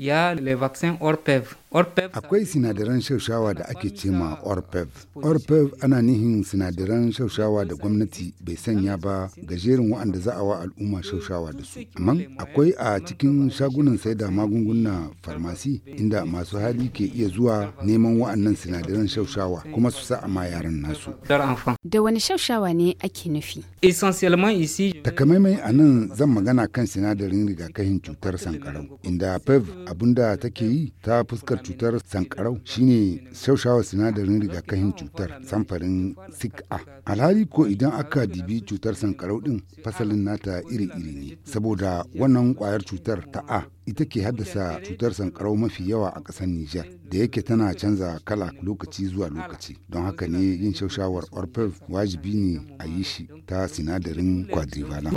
il y a les vaccins Akwai sinadaran shaushawa da ake cema ORPEV. ORPEV ana nihin sinadaran shaushawa da gwamnati bai sanya ba ga jerin waɗanda za a wa al'umma shaushawa da su. Amma akwai a cikin shagunan sai da magunguna farmasi inda masu hali ke iya zuwa neman waɗannan sinadaran shaushawa kuma su sa ma yaran nasu. Da wani shaushawa ne ake nufi? Takamaimai a nan zan magana kan sinadarin rigakafin cutar sankarau inda PEV abinda take yi ta fuskar cutar sankarau shine saushawa sinadarin rigakafin cutar samfarin sik'a alhali ko idan aka dibi cutar sankarau din fasalin nata iri-iri ne saboda wannan kwayar cutar ta a ita ke haddasa cutar sankarau mafi yawa a ƙasar Nijar da yake tana canza kala lokaci zuwa lokaci. Don haka ne yin shaushawar Orpev wajibi ne a yi shi ta sinadarin quadrivalent.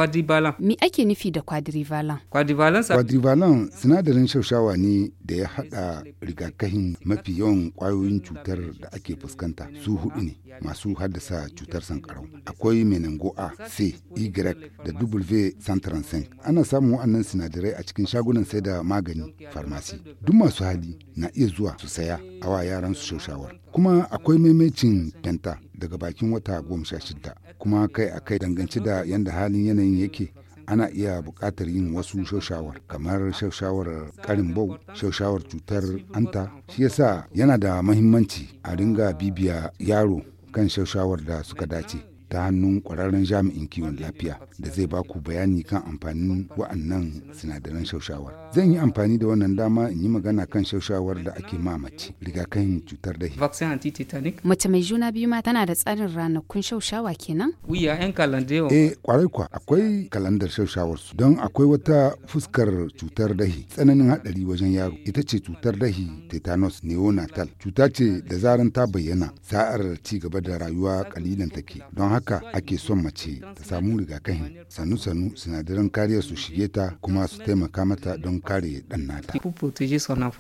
Me ake nufi da quadrivalent? Quadrivalent sinadarin shaushawa ne da ya haɗa rigakafin mafi yawan kwayoyin cutar da ake fuskanta su hudu ne masu haddasa cutar sankarau. Akwai menango A, C, Y da W santaransen. Ana samun waɗannan sinadarai a cikin shagunan sai da magani farmasi duk masu hali na iya zuwa su saya awa yaran su shawar kuma akwai maimacin kyanta daga bakin wata goma sha shida kuma kai a kai dangance da yadda halin yanayin yake ana iya buƙatar yin wasu shaushawar kamar shawar karin bau shaushawar cutar anta shi yasa yana da mahimmanci a ringa bibiya yaro kan shaushawar da suka dace ta hannun kwararren jami'in kiwon lafiya da zai ba ku bayani kan amfanin wa'annan sinadaran shaushawar. Zan yi amfani da wannan dama in yi magana kan shaushawar da ake mamaci rigakafin cutar dahi. Mace mai juna biyu ma tana da tsarin ranakun shaushawa kenan? Eh, kwarai kwa akwai kalandar shaushawar su don akwai wata fuskar cutar dahi tsananin haɗari wajen yaro ita ce cutar dahi tetanus neonatal cuta ce da zaran ta bayyana sa'ar ci gaba da rayuwa kalilan take don haka haka ake son mace ta samu rigakafin sanu sanu sinadaran kariyar su shige ta kuma su taimaka mata don kare ɗan nata.